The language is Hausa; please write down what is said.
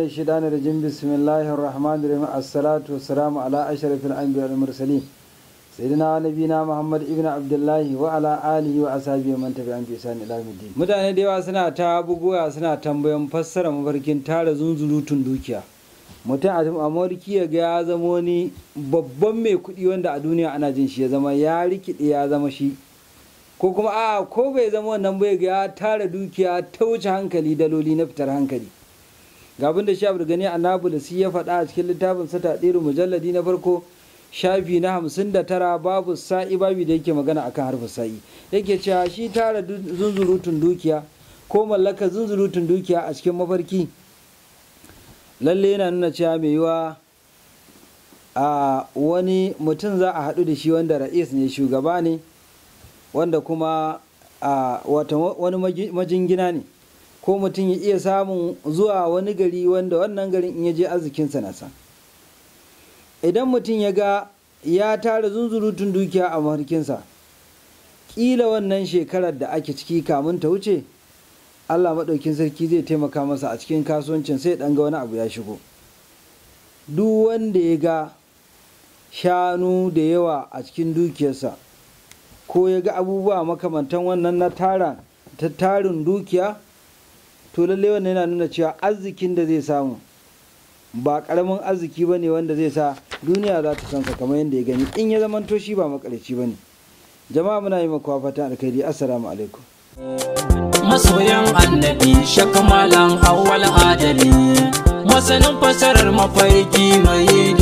الشيطان الرجيم بسم assalatu wassalamu ala الصلاة anbiya wal mursalin sayyidina wa سيدنا muhammad ibnu ابن wa ala alihi wa ashabihi man تبعهم bi إلى يوم الدين mutane da yawa suna ta buguwa suna tambayan fassara mafarkin tara zunzurutun dukiya mutum a amurki ya ga ya zama wani babban mai kuɗi wanda a duniya ana jin shi ya zama ya rikide ya zama shi ko kuma a ko bai zama wannan bai ga ya tara dukiya ta wuce hankali daloli na fitar hankali ga abin da shi abu gani si ya faɗa a cikin littafin sa tadiru mujalladi na farko shafi na hamsin da tara babu sa'i babu da yake magana akan harfin sa'i yake cewa shi tara zunzurutun dukiya ko mallaka zunzurutun dukiya a cikin mafarki lalle yana nuna cewa mai yiwa a wani mutum za a haɗu da shi wanda ra'is ne shugaba ne wanda kuma wani majingina ne ko mutum ya iya samun zuwa wani gari wanda wannan garin in ya je arzikinsa na san idan mutum ya ga ya tara zunzurutun dukiya a mafarkinsa ƙila wannan shekarar da ake ciki kamun ta wuce allah maɗaukin sarki zai taimaka masa a cikin kasuwancin sai ɗan ga wani abu ya shigo duk wanda ya ga shanu da yawa a cikin dukiyarsa ko ya ga abubuwa makamantan wannan na tarin dukiya to lalle wannan yana nuna cewa arzikin da zai samu ba karamin arziki bane wanda zai sa duniya za ta san kamar yadda ya gani in ya zamanto toshi ba makarici bane jama'a muna yi makuwa fatan alkhairi assalamu alaikum masoyan annabi shakamalan awwal adali masanin fasarar mafarki mai